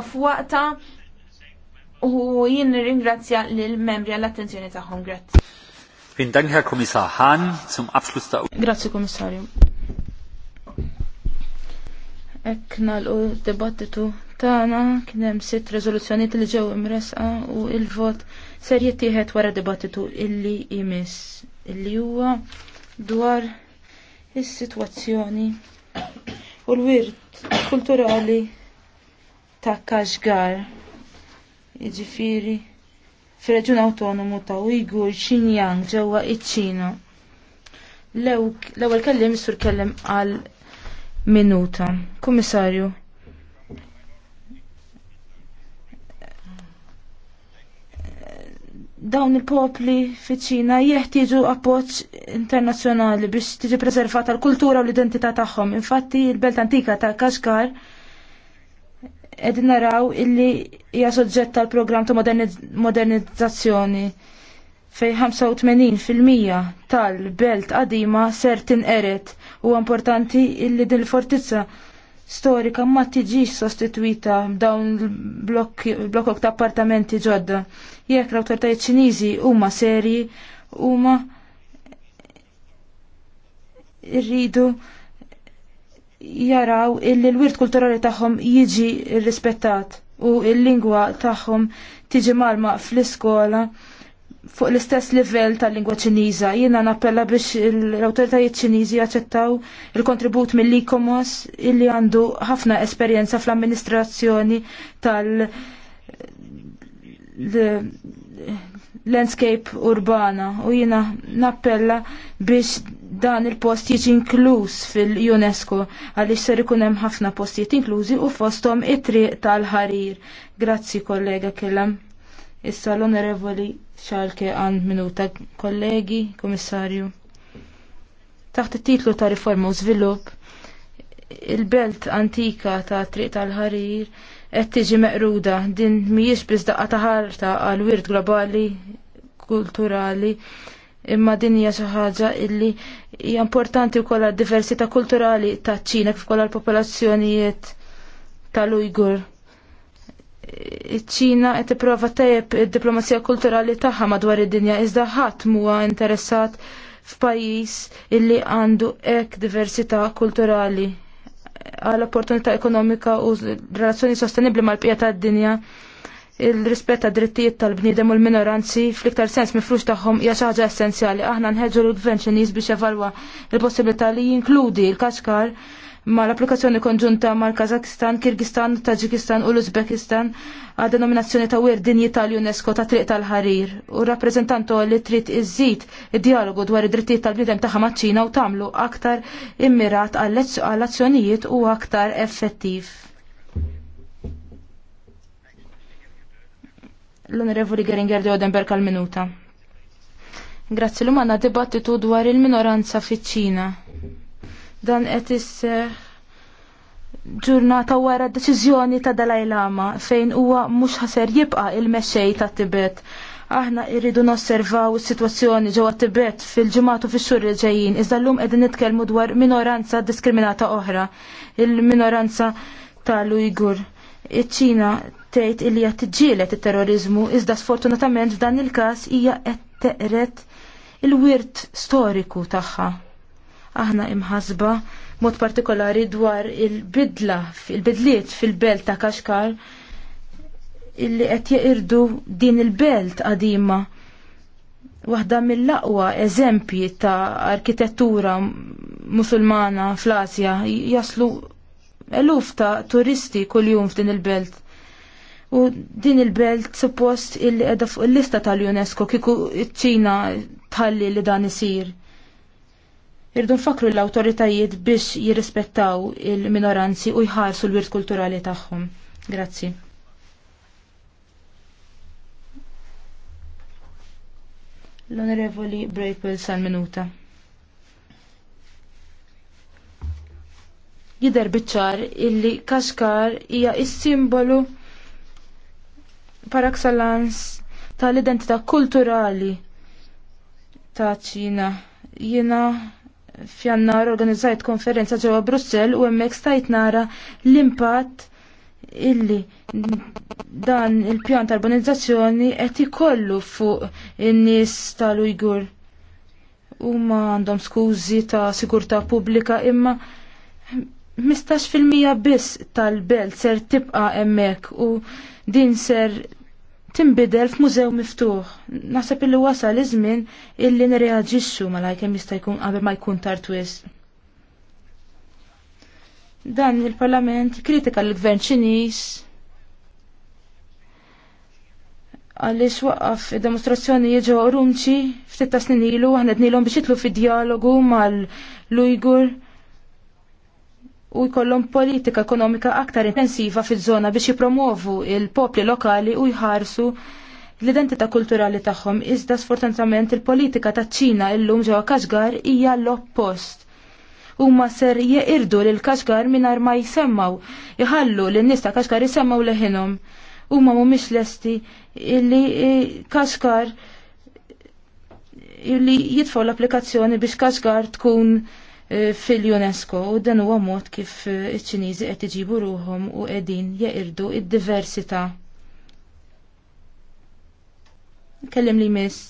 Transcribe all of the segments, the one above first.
f'waqta u jien ringrazzja lill membri għall-attenzjoni tagħhom. Grazzi. Fin Dank, Herr Kommissar Hahn, zum Abschluss ta' Grazzi Kommissarju. Ek nalqu debattitu tagħna kien hemm sitt riżoluzzjonijiet li ġew imresqa u il-vot ser jittieħed wara dibattitu illi jmiss illi huwa dwar is-sitwazzjoni u l-wirt kulturali ta' Kaxgar. Jiġifieri fir reġun autonomu ta' Uyghur Xinjiang ġewwa iċ-Ċina. L-ewwel kellem sur kellem għal minuta. Komissarju. Dawn il-popli fiċ-Ċina jeħtieġu appoġġ internazzjonali biex tiġi preservata l-kultura u l-identità tagħhom. Infatti, il-Belt Antika ta' Kaxgar qegħdin naraw illi hija soġġett tal-programm ta' modernizzazzjoni fej 85% tal-belt qadima ser tinqeret u importanti illi din fortizza storika ma tiġix sostituita b'dawn il blokok ta' appartamenti ġodda. Jekk l autoritajiet Ċiniżi huma serji huma rridu jaraw illi l-wirt kulturali tagħhom jiġi rrispettat u l-lingwa tagħhom tiġi malma fl-iskola fuq l-istess livell tal-lingwa ċiniża. Jiena nappella biex l-awtoritajiet ċiniżi jaċċettaw il-kontribut mill komos illi għandu ħafna esperjenza fl-amministrazzjoni tal- landscape urbana u jiena nappella biex dan il-post jiġi inkluż fil-UNESCO għaliex ser ikun hemm ħafna postijiet inklużi u fosthom it-triq tal-ħarir. Grazzi kollega kellem. Issa l-onorevoli xalke għan minuta kollegi, komissarju. Taħt it-titlu ta' riforma u żvilupp, il-belt antika ta' triq tal-ħarir qed tiġi meqruda din mhijiex biss daqqa ta' ħarta għal wirt globali kulturali imma din hija xi ħaġa illi hija importanti wkoll għad-diversità kulturali taċ-Ċina kif ukoll għall-popolazzjonijiet tal-Ujgur. Iċ-Ċina qed tipprova tajjeb id-diplomazija kulturali tagħha madwar id-dinja iżda ħadd huwa interessat f'pajjiż illi għandu hekk diversità kulturali għal opportunità ekonomika u relazzjoni sostenibbli mal-bqija tad-dinja il ta' drittijiet tal-bniedem u l-minoranzi fl-iktar sens mifrux tagħhom hija xi ħaġa essenzjali. Aħna nħeġġu l-gvern biex evalwa l-possibilità li jinkludi l-Kaxkar ma l-applikazzjoni konġunta mal kazakistan Kirgistan, Taġikistan u l-Uzbekistan għad denominazzjoni ta' Dinji tal-UNESCO ta' triq tal-ħarir u rappresentanto li trid iżid id-dialogu dwar id-drittijiet tal-bnidem ta' maċċina u tagħmlu aktar immirat għall-azzjonijiet u aktar effettiv. l-Onorevoli Geringer de Odenberg għal-minuta. Grazzi l-um għanna dibattitu dwar il-minoranza fiċ-ċina. Dan qed isseħ ġurnata wara d deċiżjoni ta' Dalai Lama fejn huwa mhux ħaser jibqa' il-mexxej ta' Tibet. Aħna irridu nosservaw is-sitwazzjoni ġewwa Tibet fil-ġimgħat u fix-xhur li ġejjin, iżda llum qegħdin nitkellmu dwar minoranza diskriminata oħra, il-minoranza tal Uigur iċ-Ċina tgħid illi qed tiġġieled it-terrorizmu iżda sfortunatament f'dan il-każ hija qed teqret il-wirt storiku tagħha. Aħna imħasba mod partikolari dwar il-bidla, il-bidliet fil-belt ta' Kaxkar illi qed jeqirdu din il-belt qadima. Waħda mill-aqwa eżempji ta' arkitettura musulmana fl-Asja jaslu eluf ta' turisti kuljum f'din il-belt. U din il-belt suppost il edha fuq il-lista tal-UNESCO kiku ċina tħalli li dan isir. Irdu nfakru l-autoritajiet biex jirrispettaw il-minoranzi u jħarsu l-wirt kulturali tagħhom. Grazzi. L-Onorevoli Brejpil sal-minuta. jider biċċar illi kaxkar hija is-simbolu par excellence tal-identità kulturali ta' Ċina. Jiena f'jannar organizzajt konferenza ġewwa Brussell u hemmhekk stajt nara l-impatt illi dan il-pjan ta' urbanizzazzjoni qed ikollu fuq in-nies tal-Ujgur. Huma għandhom skużi ta' sigurtà pubblika imma 15% biss tal-belt ser tibqa emmek u din ser timbidel f'mużew miftuħ. Naħseb illi wasal iż-żmien illi nirreaġixxu malajk hemm jista' jkun qabel ma jkun tard Dan il-Parlament kritika l-Gvern Ċiniż għaliex waqaf demonstrazzjonijiet ġewwa Urumċi ftit ta' snin ilu aħna dnilhom biex jitlu fid-dialogu mal-Lujgur u jkollhom politika ekonomika aktar intensiva fiż-żona biex jipromovu il-popli lokali u jħarsu l-identità kulturali tagħhom. Iżda sfortunatament il-politika taċ-Ċina illum ġewwa Kaxgar hija l-oppost. Huma ser jeqirdu lil Kaxgar mingħajr ma jsemmaw, iħallu lin nista ta' Kaxgar jisemmaw leħinhom. Huma mhumiex lesti illi Kaxgar illi jitfgħu l-applikazzjoni biex Kaxgar tkun fil-UNESCO u dan huwa mod kif eh, iċ-Ċiniżi qed iġibu ruhom u qegħdin jeqirdu id-diversità. Kellem li miss.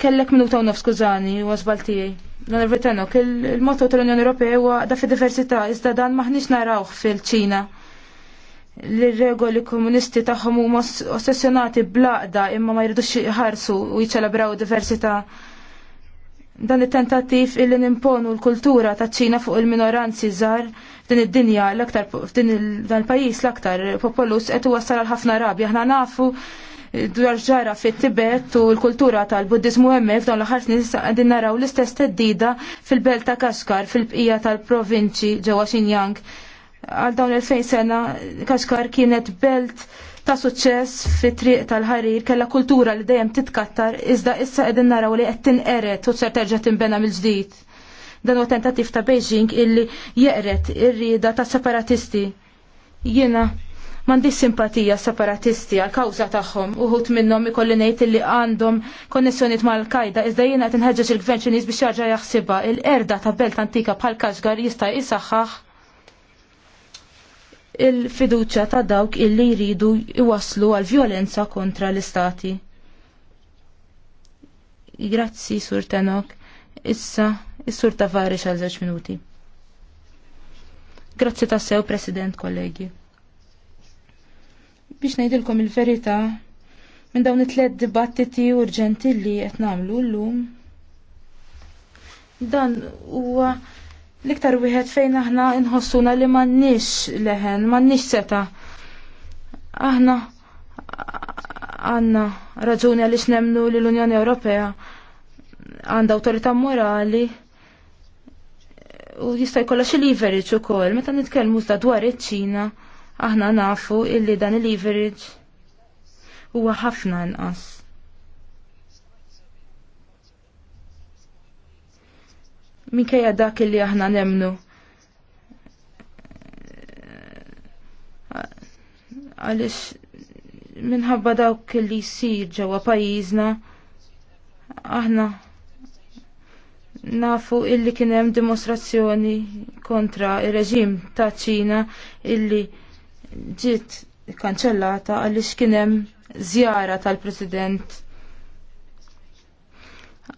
Kellek minuta u nofs kużani u għazbaltijaj. L-Nervitanok, il-motto tal-Unjoni Ewropea huwa da fid-diversità, iżda dan maħniex narawh fil-Ċina l-regoli komunisti tagħhom huma ossessjonati blaqda imma ma jridux jħarsu u jċelebraw diversità dan it-tentattiv illi nimponu l-kultura ta' ċina fuq il-minoranzi żgħar din id-dinja l-aktar dan il-pajjiż l-aktar popolus qed huwa għal ħafna rabja. Aħna nafu dwar ġara fit-Tibet u l-kultura tal-Buddiżmu hemmhekk f'dawn l-aħħar snin qegħdin naraw l-istess teddida fil-belt ta' Kaskar fil-bqija tal-provinċi ġewwa Xinjiang. Għal dawn il-fejn sena Kaskar kienet belt ta' suċċess fit triq tal-ħarir kella kultura li dejjem titkattar iżda issa qegħdin naraw li qed tinqeret u ser terġa' tinbena mill-ġdid. Dan huwa tentattiv ta' Beijing illi jeqret ir-rieda ta' separatisti. Jiena m'għandix simpatija separatisti għal kawża tagħhom uħut minnhom ikolli ngħid illi għandhom konnessjonijiet mal-Kajda iżda jiena qed inħeġġeġ il-gvern Ċiniż biex jarġa' jaħsibha il-qerda ta' belt antika bħal Kaxgar jista' jisaħħaħ il-fiduċa ta' dawk illi jridu iwaslu għal violenza kontra l-istati. Grazzi, Sur Tenok. Issa, Sur Tavares għal żewġ minuti. Grazzi ta' sew, President, kollegi. Biex ngħidilkom il-verità, minn dawn it-tlet dibattiti urġenti li qed nagħmlu llum, dan huwa L-iktar wieħed fejn aħna nħossuna li m'għandniex leħen, m'għandniex seta. Aħna għandna raġuni għaliex nemnu li l-Unjoni Ewropea għandha awtorità morali u jista' jkollha xi leverage ukoll meta nitkellmu dwar iċ-Ċina aħna nafu illi dan il-leverage huwa ħafna inqas. minkejja dak li aħna nemnu. Għalix minħabba dawk li jisir ġewwa pajjiżna aħna nafu illi kien hemm dimostrazzjoni kontra il reġim ta' Ċina illi ġiet kanċellata għaliex kien hemm żjara tal-President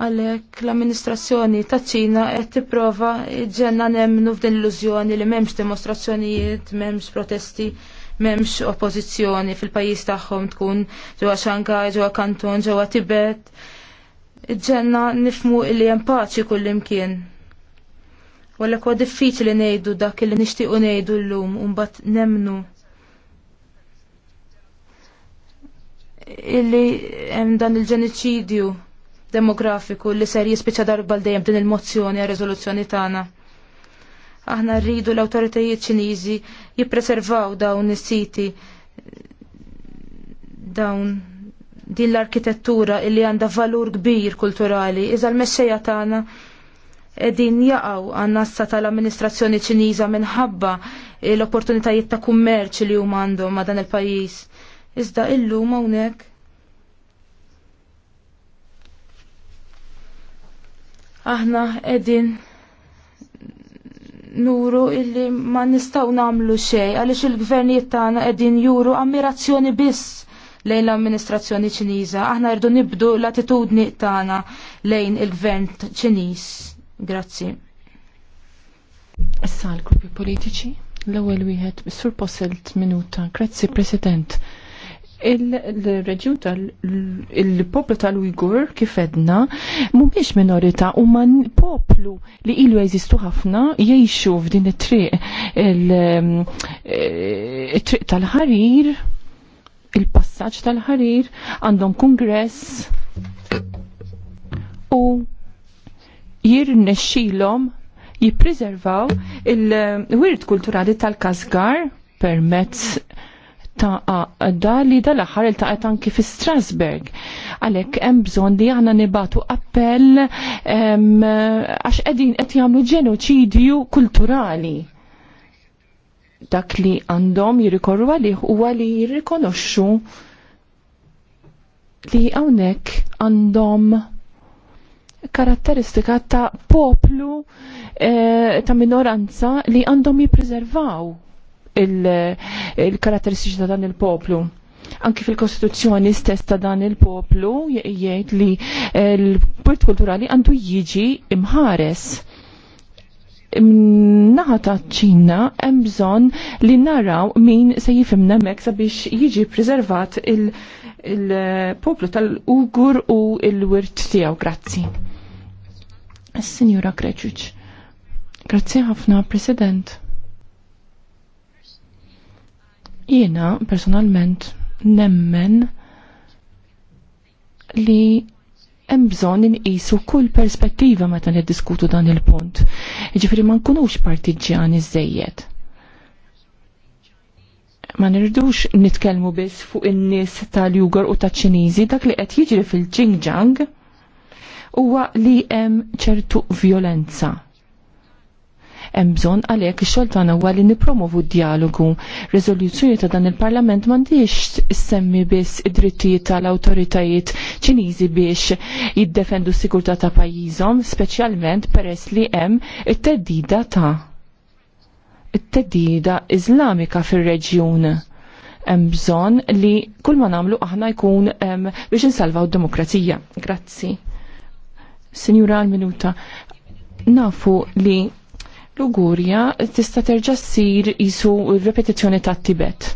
Għalhekk l-amministrazzjoni ta' Ċina qed tipprova ġenna nemmnu f'din l-illużjoni li m'hemmx dimostrazzjonijiet, m'hemmx protesti, m'hemmx oppożizzjoni fil-pajjiż tagħhom tkun ġewwa Xangai, ġewwa Kanton, ġewwa Tibet. Ġenna nifmu li hemm paċi kullimkien. Walla kwa diffiċli ngħidu dak li nixtiequ ngħidu llum u mbagħad nemnu illi hemm dan il-ġeniċidju demografiku li ser jispiċċa darba l dejjem din il-mozzjoni għal riżoluzzjoni tagħna. Aħna rridu l-awtoritajiet Ċiniżi jippreservaw dawn is-siti dawn din l-arkitettura illi għandha valur kbir kulturali, iżda l-mexxejja tagħna qegħdin jaqgħu għan-nassa tal-amministrazzjoni Ċiniża minħabba l-opportunitajiet ta' kummerċ li huma għandhom ma' dan il-pajjiż. Iżda illum hawnhekk aħna edin nuru illi ma nistaw namlu xej għaliex il-gvernijiet tagħna qegħdin juru ammirazzjoni biss lejn l-amministrazzjoni ċiniża. Aħna rridu nibdu l-attitudni tagħna lejn il-gvern ċiniż. Grazzi. Issa l-gruppi politiċi l-ewwel wieħed sur Posselt minuta. Grazzi President il-reġjun tal-poplu tal-Uygur kif edna mhumiex minorita u man poplu li ilu jeżistu ħafna jgħixu f'din it-triq il eh, triq tal-ħarir il-passaġġ tal-ħarir għandhom kongress u jirnexxilhom jippreservaw il-wirt kulturali tal-Kasgar permezz ta' dali li dal-axar il-taqet anki fi Strasburg. Għalek, hemm bżon li għanna nibatu appell għax edin qed jagħmlu ġenoċidju kulturali. Dak li għandhom jirrikorru għalih u għali jirrikonoxxu li għawnek għandhom karatteristika ta' poplu eh, ta' minoranza li għandhom jipreservaw il-karatteristiċi ta' dan il-poplu anki fil-Kostituzzjoni stess ta' dan il-poplu jgħid li eh, l-port kulturali għandu jiġi imħares. Naħa ta' ċina hemm bżonn li naraw min se jifimna meksa sabiex jiġi preservat il-poplu il poplu tal ugur u l-wirt tiegħu. Grazzi. Signora Kreċuċ. Grazzi ħafna, President Jiena personalment nemmen li hemm bżonn inqisu kull perspettiva meta niddiskutu dan il-punt. Jiġifieri ma nkunux partiġjani żejjed. Ma nirdux nitkellmu biss fuq in-nies tal-Jugur u taċ-Ċiniżi dak li qed jiġri fil-Xinjiang huwa li hemm ċertu violenza Hemm bżonn għalhekk ix-xogħol tagħna huwa li nippromovu d-dialogu. Riżoluzzjoni ta' dan il-Parlament m'għandix semmi biss id-drittijiet tal-awtoritajiet Ċiniżi biex jiddefendu s-sigurtà ta' pajjiżhom, speċjalment peress li hemm it-teddida ta' it-teddida Iżlamika fir-reġjun hemm bżonn li kull ma nagħmlu aħna jkun biex insalvaw d-demokrazija. Grazzi. Senjura għal-minuta, nafu li L-Ugurja tista' terġa' ssir isu ripetizzjoni tat-Tibet.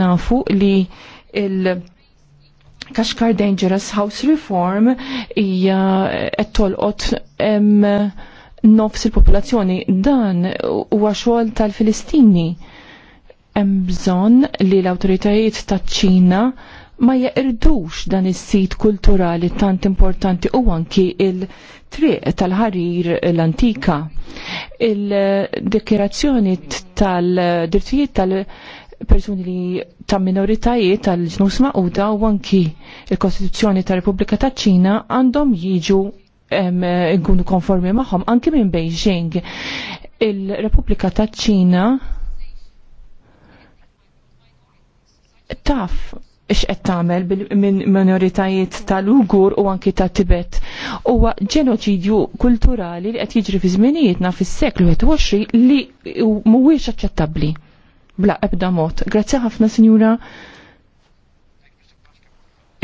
Nafu li il- Kashkar Dangerous House Reform hija qed tolqot nofs il-popolazzjoni dan huwa xogħol tal-Filistini. Hemm bżonn li l-awtoritajiet taċ-Ċina ma jeqirdux dan is-sit kulturali tant importanti u anki il-triq tal-ħarir l-antika. Il-dekirazzjoni tal-drittijiet tal-persuni li ta' minoritajiet tal-ġnus maquda u anki il-Kostituzzjoni tal-Repubblika ta' Ċina għandhom jiġu nkunu konformi magħhom anki minn Beijing. Il-Repubblika ta' Ċina taf x'qed tagħmel minn minoritajiet tal-Ugur u anki ta' Tibet huwa ġenoċidju kulturali li qed jiġri fi żminijietna fis-seklu 21 li mhuwiex aċċettabbli. Bla ebda mod. Grazzi ħafna Sinjura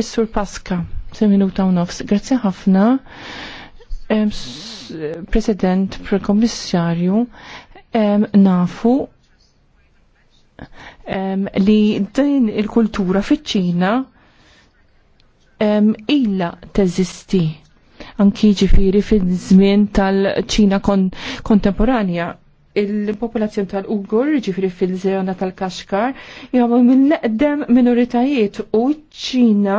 Is-Sur Pasqa, se minuta u nofs. Grazzi ħafna. President, Prekommissarju, kommissarju nafu li din il-kultura fiċ-Ċina illa teżisti anki ġifiri fil-żmien tal-ċina kontemporanja il-popolazzjoni tal-Ugur, ġifiri fil żjona tal-Kaxkar, jgħamu mill-eqdem minoritajiet u ċina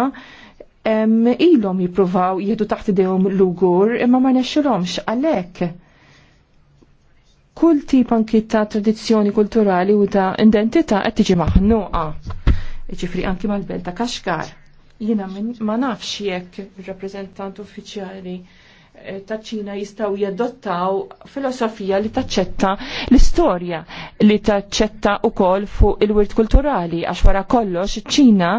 ilhom jippruvaw jiedu taħt idejhom l-Ugur imma ma nexxilhomx għalhekk kull tip anki ta' tradizzjoni kulturali u ta' identità qed tiġi maħnuqa. Ġifri anki mal-belt ta' Kaxkar. Jiena ma nafx jekk il rappreżentant uffiċjali Eh, ta' ċina jistaw jadottaw filosofija li taċċetta l-istorja, li taċċetta u kol fuq il-wirt kulturali, għax wara kollox ċina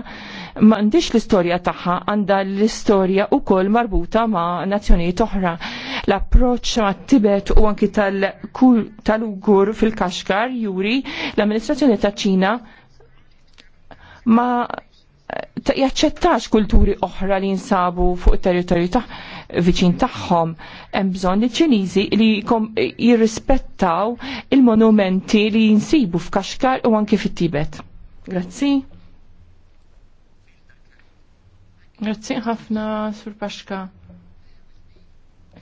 mandiċ l-istorja taħħa għanda l-istorja u kol marbuta ma' nazzjonijiet oħra. L-approċ ma' Tibet u anki tal-Ugur fil-Kaxkar, Juri, l-amministrazzjoni ta' ċina ma' jaċċettax kulturi oħra li jinsabu fuq territorju ta' viċin tagħhom hemm bżonn iċ-Ċiniżi li jirrispettaw il-monumenti li jinsibu f'Kaxkar u anke fit-Tibet. Grazzi. Grazzi ħafna Sur Paxka.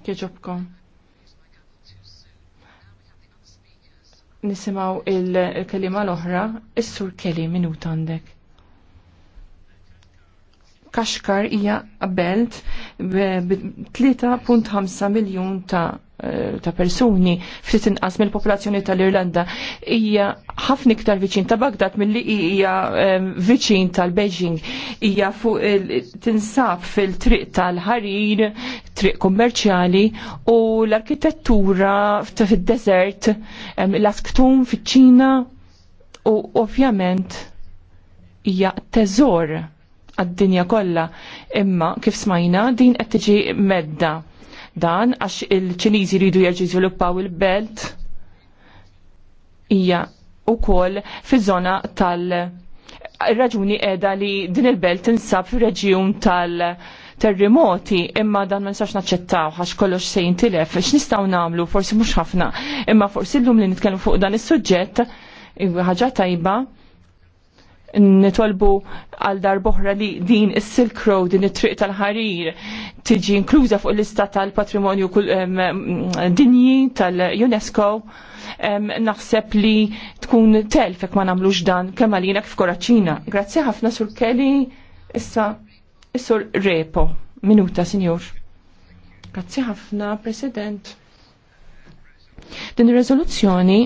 Kieġobkom. Nisimaw il-kelima l-oħra, is-Sur Kelly minuta għandek. Kaxkar hija qabelt 3.5 miljun ta' eh, ta' persuni ftit inqas mill-popolazzjoni tal-Irlanda hija ħafna iktar viċin ta' Bagdad milli hija eh, viċin tal-Beijing hija fuq tinsab fil-triq tal-ħarir, triq kummerċjali u l-arkitettura fid-desert eh, l-asktum fiċ-Ċina u ovvjament hija teżor għad-dinja kollha, imma kif smajna din qed tiġi medda dan għax il-Ċiniżi jridu jerġgħu jiżviluppaw il-belt hija wkoll fiż-żona tal- raġuni qiegħda li din il-belt tinsab fir-reġjun tal- terremoti imma dan ma nistax naċċettaw għax kollox se jintilef x'nistgħu nagħmlu forsi mhux ħafna imma forsi llum li nitkellmu fuq dan is-suġġett ħaġa tajba nitolbu għal dar boħra li din is-Silk Road, din it-triq tal-ħarir, tiġi inkluża fuq l-lista tal-patrimonju dinji tal-UNESCO, naħseb li tkun telfek ma nagħmlux dan kemm għalina kif koraċina. Grazzi ħafna sur Kelly, issa sur Repo. Minuta, sinjur. Grazzi ħafna, President. Din ir-rezoluzzjoni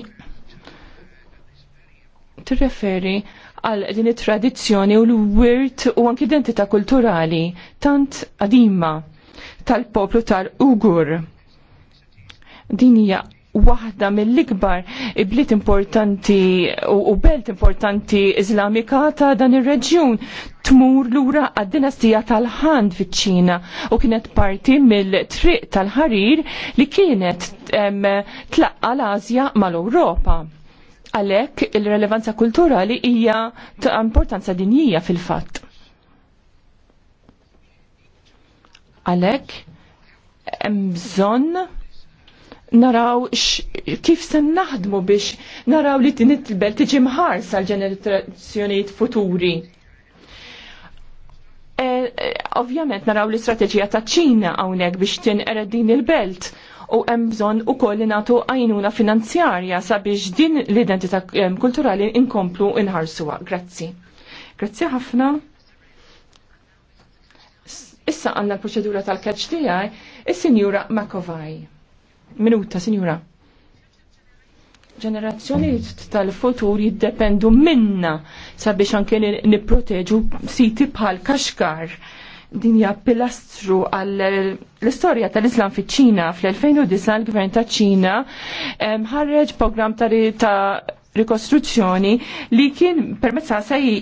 tirreferi għal din it-tradizzjoni u l-wirt u anki identità kulturali tant qadima tal-poplu tal-Ugur. Din hija waħda mill-ikbar bliet importanti u belt importanti Iżlamika ta' dan ir-reġjun tmur lura għad-dinastija tal-ħand fiċ-Ċina u kienet parti mill-triq tal-ħarir li kienet tlaqqa l azja mal-Ewropa Għalhekk il-relevanza kulturali hija ta' importanza dinjija fil-fatt. Għalhekk hemm bżonn naraw kif se naħdmu biex naraw li belt tiġi mħarsa l-ġenerazzjonijiet futuri. E, e, ovvjament naraw l-istrateġija ta' ċina hawnhekk biex tinqered din il-belt u hemm bżonn ukoll li nagħtu għajnuna finanzjarja sabiex din l-identità kulturali inkomplu inħarsuha. Grazzi. Grazzi ħafna. Issa għandna l-proċedura tal-catch tiegħi is-Sinjura Makovaj. Minuta, Sinjura ġenerazzjoni tal-futur jiddependu minna sabiex anke nipproteġu siti bħal kaxkar din hija pilastru għall l-istorja tal-Islam fiċ ċina fl-2009 l-Gvern ta' ċina ħarreġ program ta' rikostruzzjoni li kien permezza sej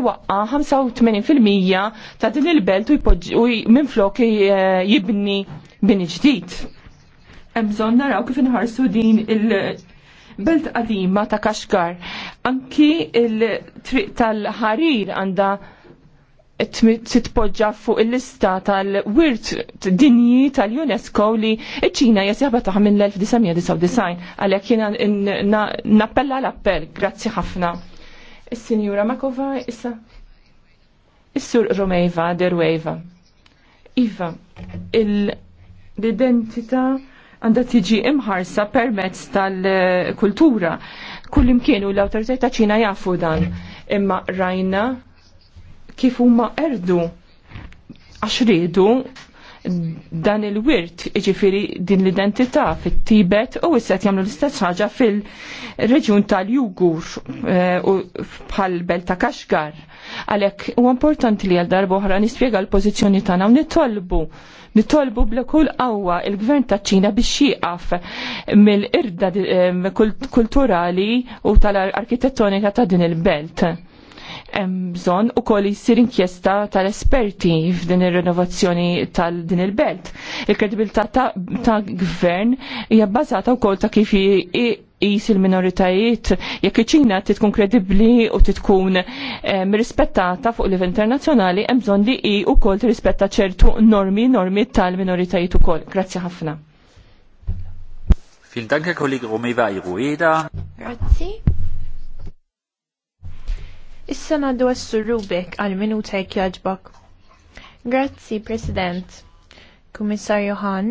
iwaqqa 85% ta' din il-belt u minn flok eh, jibni bini ġdid. Mżon naraw kif inħarsu din il-belt qadima ta' Kashgar. Anki il-triq tal-ħarir għanda titpoġġa fuq il-lista tal-wirt dinji tal-UNESCO li ċina jasjaħba taħ minn l-1999 għalhekk jena nappella l-appell, grazzi ħafna. Is-Sinjura Makova issa. Is-Sur Romeva Derweva. Iva, l-identità għandha tiġi imħarsa permezz tal-kultura. Kullimkienu l-awtoritajiet ta' Ċina jafu dan. Imma rajna kif huma erdu għax ridu dan il-wirt, iġifiri din l-identità fit-Tibet u jisset jamlu l-istess ħaġa fil-reġjun tal-Jugur eh, u bħal belt ta' Kaxgar. Għalek u importanti li għal darbu ħra nispjega l-pozizjoni tagħna u nitolbu nitolbu bla kull qawwa il-gvern ta' ċina biex jieqaf mill-irda eh, kulturali u tal-arkitettonika ta' din il-belt Hemm bżonn ukoll isir inkjesta tal-esperti f'din ir renovazzjoni tal-din il-belt. Il-kredibilità ta', gvern hija bbażata wkoll ta' kif jis il-minoritajiet jekk iċina ċina tkun kredibbli u tkun rispettata fuq livell internazzjonali hemm bżonn li hi wkoll tirrispetta ċertu normi normi tal-minoritajiet ukoll. Grazzi ħafna. Vielen Dank, Herr Kollege Romeva Iroeda. Grazie. Issa naddu għessu Rubik għal minuta jek jaġbak. Grazzi, President. Kummissar Johan.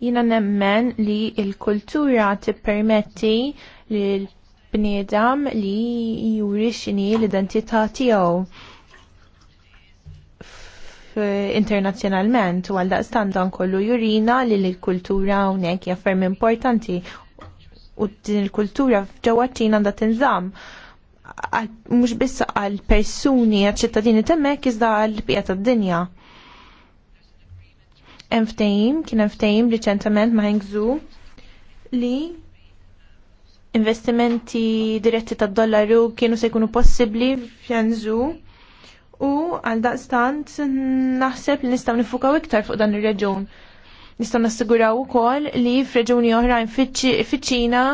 Jina nemmen li il-kultura tippermetti li l bnedam li juri l-identità tiegħu internazzjonalment u għal daqstan dan kollu jurina li l-kultura unek jaffermi importanti u din il-kultura ġewwa ċina għandha tinżamm mhux biss għal persuni għal ċittadini temmek iżda għal bqija tad-dinja. Hemm ftehim, kien hemm ftehim riċentement ma' Hengżu li investimenti diretti tad-dollaru kienu se jkunu possibbli f'Janżu u għal daqstant naħseb li nistgħu nifukaw iktar fuq dan ir reġun Nistgħu nassiguraw ukoll li f'reġuni oħrajn fiċ-Ċina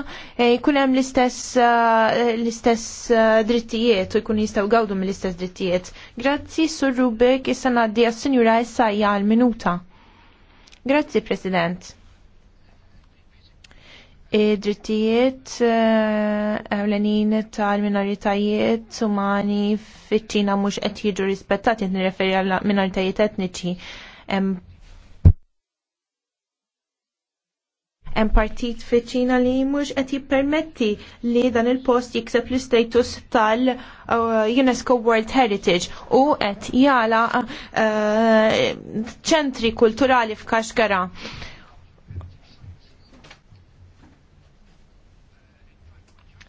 eh, jkun hemm l-istess eh, l-istess eh, drittijiet u jkun jistgħu gawdu mill-istess drittijiet. Grazzi Sur Rubik issa ngħaddi għas-Sinjura Essajja għal minuta. Grazzi President. Id-drittijiet ewlenin tal-minoritajiet umani fiċ-Ċina mhux qed jiġu rispettati nirreferi għal minoritajiet etniċi Hemm partit fiċina li mhux qed jippermetti li dan il-post jikseb l-istatus tal-UNESCO uh, World Heritage u qed jala uh, ċentri kulturali f'Kaxkara.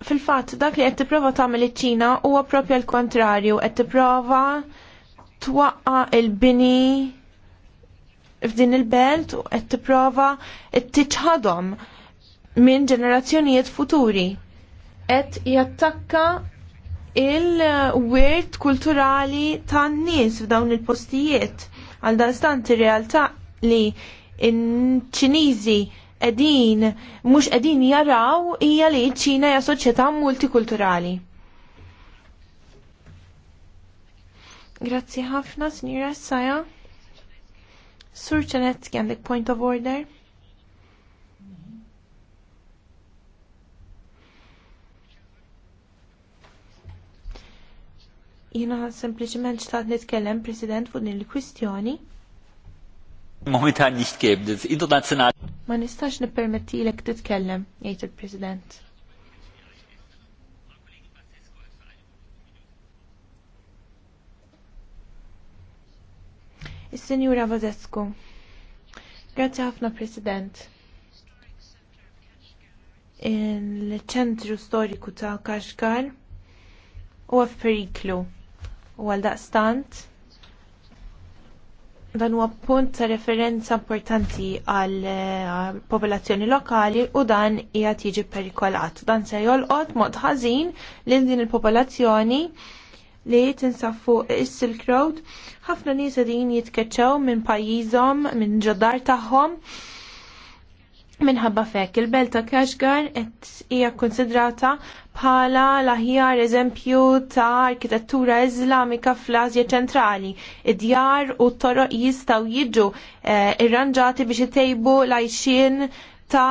Fil-fatt, dak li qed tipprova tagħmel iċ-Ċina huwa proprju l-kontrarju, qed tipprova twaqqa' il-bini f'din il-belt u qed tipprova tiċħadhom minn ġenerazzjonijiet futuri. Qed jattakka il-wirt kulturali tan-nies f'dawn il-postijiet għal dan stanti ir-realtà li in-Ċiniżi qegħdin mhux qegħdin jaraw hija li ċ-Ċina hija soċjetà multikulturali. Grazzi ħafna, Sinjura Saja. Sur Ċanet, għandek point of order? Jina sempliciment xtaqt nitkellem, President, fuq din il-kwistjoni. Momentan nixtkib, internazzjonali. Ma nistax nippermettilek titkellem, jgħid il-President. Signora Vazescu. Grazie ħafna President. Il-ċentru storiku ta' Kashgar huwa f'periklu u għal daqstant dan huwa punt ta' referenza importanti għal eh, popolazzjoni lokali u dan hija tiġi perikolat. Dan se jolqod mod ħażin lil din il-popolazzjoni il popolazzjoni li tinsab fuq silk Road. Ħafna nies din jitkeċċew minn pajjiżhom, minn ġodar tagħhom. Minħabba fek, il-belt ta' Kashgar qed hija konsidrata bħala l-aħjar eżempju ta' arkitettura Iżlamika fl-Asja ċentrali. Id-djar u t-toroq jistgħu jiġu eh, irranġati biex itejbu l-għajxien ta'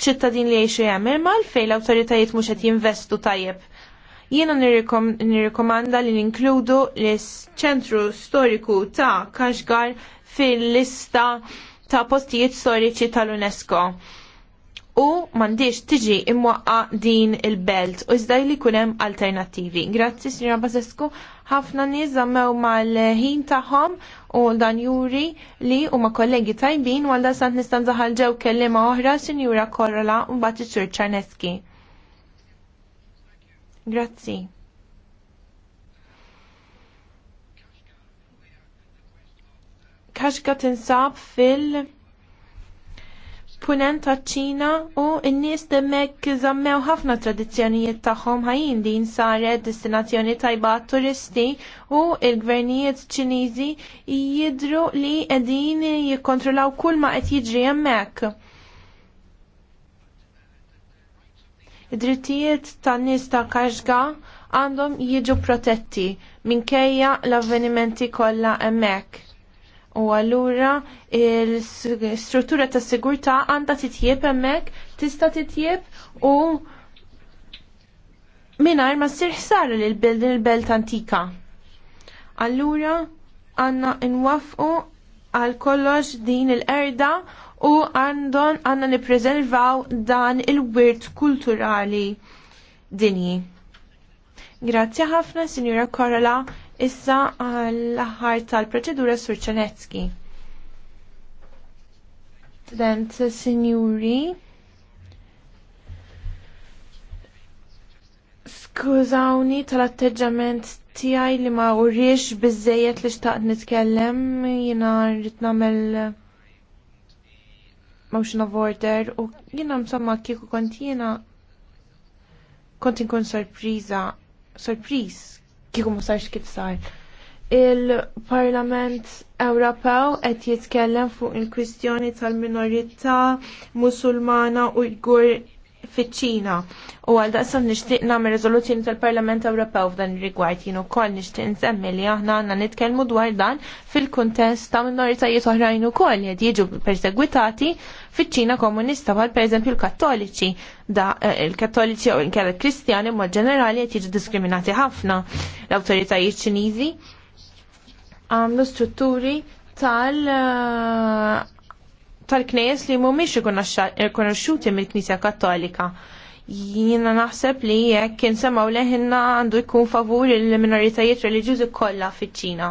ċittadin li jgħixu hemm. Imma l l-awtoritajiet mhux qed jinvestu tajjeb Jiena nirrikomanda li ninkludu l-ċentru storiku ta' Kashgar fil-lista ta' postijiet storiċi tal-UNESCO. U mandiġ tiġi imwaqqa din il-belt u iżda li kunem alternativi. Grazzi, Sinjora Bazesku, ħafna nies zammew mal-ħin tagħhom u dan juri li huma kollegi tajbin u għal sant nistan zaħal ġew kellima oħra Sinjura Korola u Bati Ċur Czarneski. Grazzi. Kaxka tinsab fil- punenta ċina u n-nies demmek zammew ħafna tradizzjonijiet tagħhom ħajin din saret destinazzjoni tajba turisti u il-gvernijiet ċiniżi jidru li qegħdin jikkontrollaw kull ma qed jiġri hemmhekk. Id-drittijiet tan-nies ta' Kaxga għandhom jiġu protetti minkejja l-avvenimenti kollha hemmhekk. U allura l-struttura ta' sigurtà għandha titjieb hemmhekk, tista' titjieb u mingħajr ma ssir ħsara lil belt antika. Allura għandna nwaffqu għal kollox din il-erda u għandhom għandna nippreservaw dan il-wirt kulturali dinji. Grazzi ħafna, signora Korola, issa għall-aħħar tal-proċedura Sur Ċanetski. Student, Signori, skużawni tal-atteġġament tiegħi li ma urriex bizzejet li xtaqt nitkellem, jiena rrid nagħmel motion of order u jina msomma kieku kont jina kont inkun sorpriza sorpriz kieku ma sarx kif sar. Il-Parlament Ewropew qed jitkellem fuq il-kwistjoni tal-minorità Musulmana u jgur fiċ-Ċina u għal daqsan nixtieq nagħmel riżoluzzjoni tal-Parlament Ewropew f'dan ir-rigward jien ukoll nixtieq nsemmi li aħna għandna nitkellmu dwar dan fil-kuntest ta' minoritajiet oħrajn ukoll li jiġu perseguitati fiċ-Ċina komunista bħal pereżempju l-Kattoliċi da eh, il-Kattoliċi u l Kristjani mod ġenerali qed jiġu diskriminati ħafna l-awtoritajiet Ċiniżi għamlu strutturi tal eh, tal-knejes li mhumiex ikonoxxuti mill-Knisja Kattolika. Jiena naħseb li jekk insemaw leħinna għandu jkun favur il-minoritajiet reliġjużi kollha fiċ-Ċina.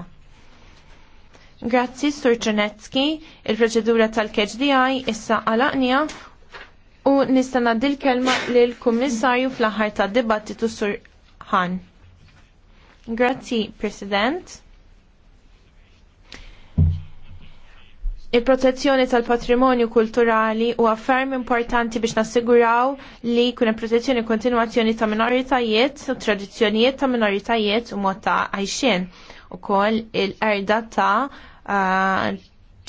Grazzi Sur Ċernetski, il-proċedura tal kgdi issa għalaqnija u nista' ngħaddi l-kelma lill kummissarju fl-aħħar tad-dibattitu Sur Han. Grazzi, President. Il-protezzjoni tal-patrimonju kulturali u affermi importanti biex nassiguraw li kuna protezzjoni kontinuazzjoni ta' minoritajiet u tradizzjonijiet ta' minoritajiet u mod ta' għajxien u koll il-erda ta' uh,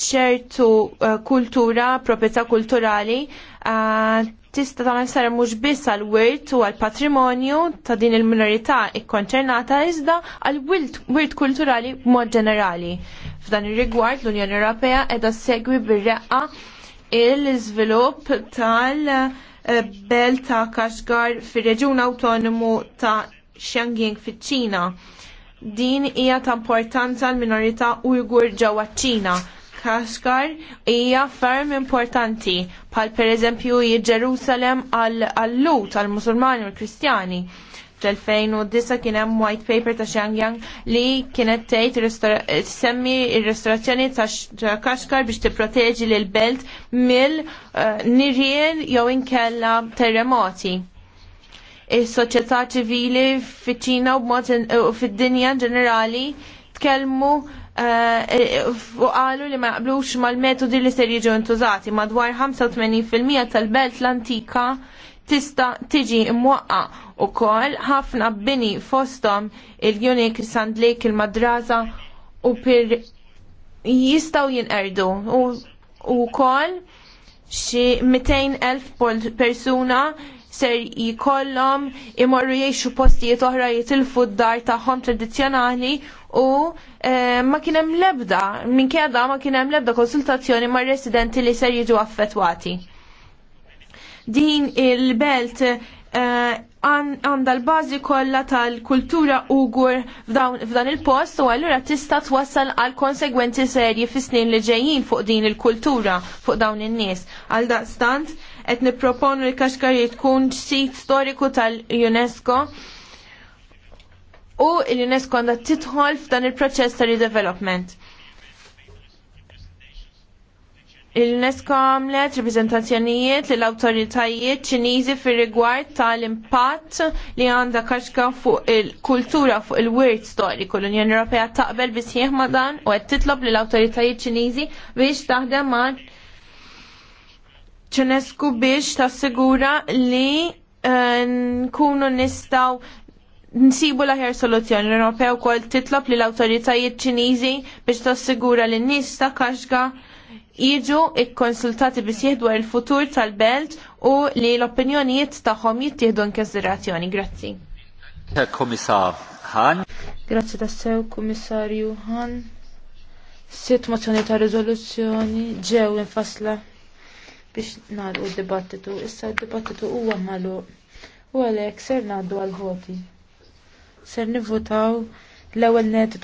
ċertu uh, kultura, proprjetà kulturali uh, tista' ta' sara mhux biss għal wirt u għal patrimonju ta' din il-minorità ikkonċernata iżda għal wirt kulturali b'mod ġenerali F'dan ir-rigward l-Unjoni Ewropea qiegħda segwi bir-reqqa l iżvilupp tal-belt eh, ta' Kashgar fir-Reġjun Awtonomu ta' Xiangjing fiċ-Ċina. Din hija ta' importanza l minorità Ujgur ġewwa ċ-Ċina. Kashgar hija ferm importanti, bħal pereżempju Ġerusalem għall-lut għall-Musulmani u l-Kristjani fl-2009 kien hemm white paper ta' Xiangyang li kienet tgħid semmi r-ristorazzjoni ta' Kashgar biex tipproteġi lil belt mill eh, nirien jew inkella terremoti. Is-soċjetà ċivili fiċ-Ċina u b'mod fid-dinja ġenerali tkellmu eh, u qalu li ma jaqblux mal-metodi li ser jiġu intużati madwar 85% tal-belt l-antika tista tiġi imwaqqa wkoll ħafna bini fosthom il-Unique Sand Lake il-Madraza u pir jistaw jinqerdu u wkoll xi 200,000 persuna ser jikollhom imorru jgħixu postijiet oħra jitilfu d-dar tagħhom tradizzjonali u eh, ma kien hemm l-ebda minkejja ma kien hemm l-ebda konsultazzjoni mar residenti li ser jiġu affettwati. Din il-belt eh, għanda l-bazi kollha tal-kultura ugur f'dan il-post u allura tista' twassal għal konsegwenzi serji fis-snin li ġejjin fuq din il-kultura fuq dawn in-nies. Għal stant qed nipproponu li Kaxkari tkun sit storiku tal-UNESCO u l-UNESCO għandha titħol f'dan il-proċess ta' redevelopment. Il-UNESCO għamlet reprezentazzjonijiet li l-autoritajiet ċiniżi fir rigward tal-impatt li għandha kaxka fuq il-kultura fuq il-wirt storiku. L-Unjoni Ewropea taqbel bisħieħ ma' dan u qed titlob li l-autoritajiet ċiniżi biex taħdem ma' ċinesku biex tassigura li eh, nkunu nistaw nsibu laħjar soluzzjoni. L-Ewropea wkoll titlob li l-autoritajiet ċiniżi biex tassigura li nista' kaxka jiġu ikkonsultati biex jieħdu il-futur tal-belt u li l-opinjonijiet tagħhom jittieħdu konsiderazzjoni. Grazzi. Komissar Han. Grazzi tassew, komissarju Han. Sitt mozzjoni ta' riżoluzzjoni ġew infasla biex nagħlqu d-dibattitu. Issa d-dibattitu huwa magħluq. U għalhekk ser ngħaddu għal-ħoti. Ser nivvotaw l-ewwel net